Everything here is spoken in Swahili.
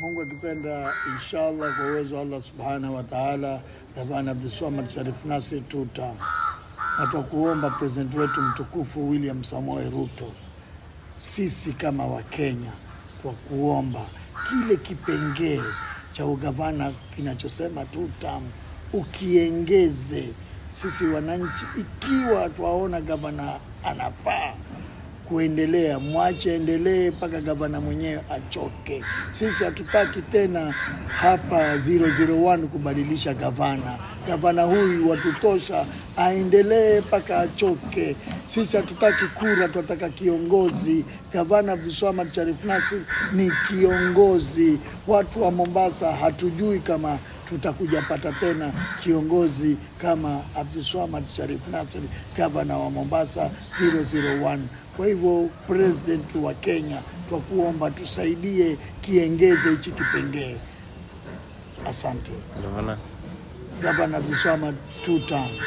Mungu akipenda, inshallah, kwa uwezo wa Allah subhanahu wa taala, gavana Abdulswamad Sharif Nassir tutam na twakuomba president wetu mtukufu William Samoei Ruto, sisi kama Wakenya kwa kuomba kile kipengee cha ugavana kinachosema tutam ukiengeze sisi wananchi, ikiwa twaona gavana anafaa kuendelea, mwache endelee mpaka gavana mwenyewe achoke. Sisi hatutaki tena hapa 001 kubadilisha gavana. Gavana huyu watutosha, aendelee mpaka achoke. Sisi hatutaki kura, tunataka kiongozi. Gavana viswama Sharif Nassir ni kiongozi. Watu wa Mombasa hatujui kama tutakuja pata tena kiongozi kama Abdiswamad Sharif Nasri, gavana wa Mombasa 001. Kwa hivyo president wa Kenya, twa kuomba tusaidie kiengeze hichi kipengee. Asante gavana Abdiswamad, two times.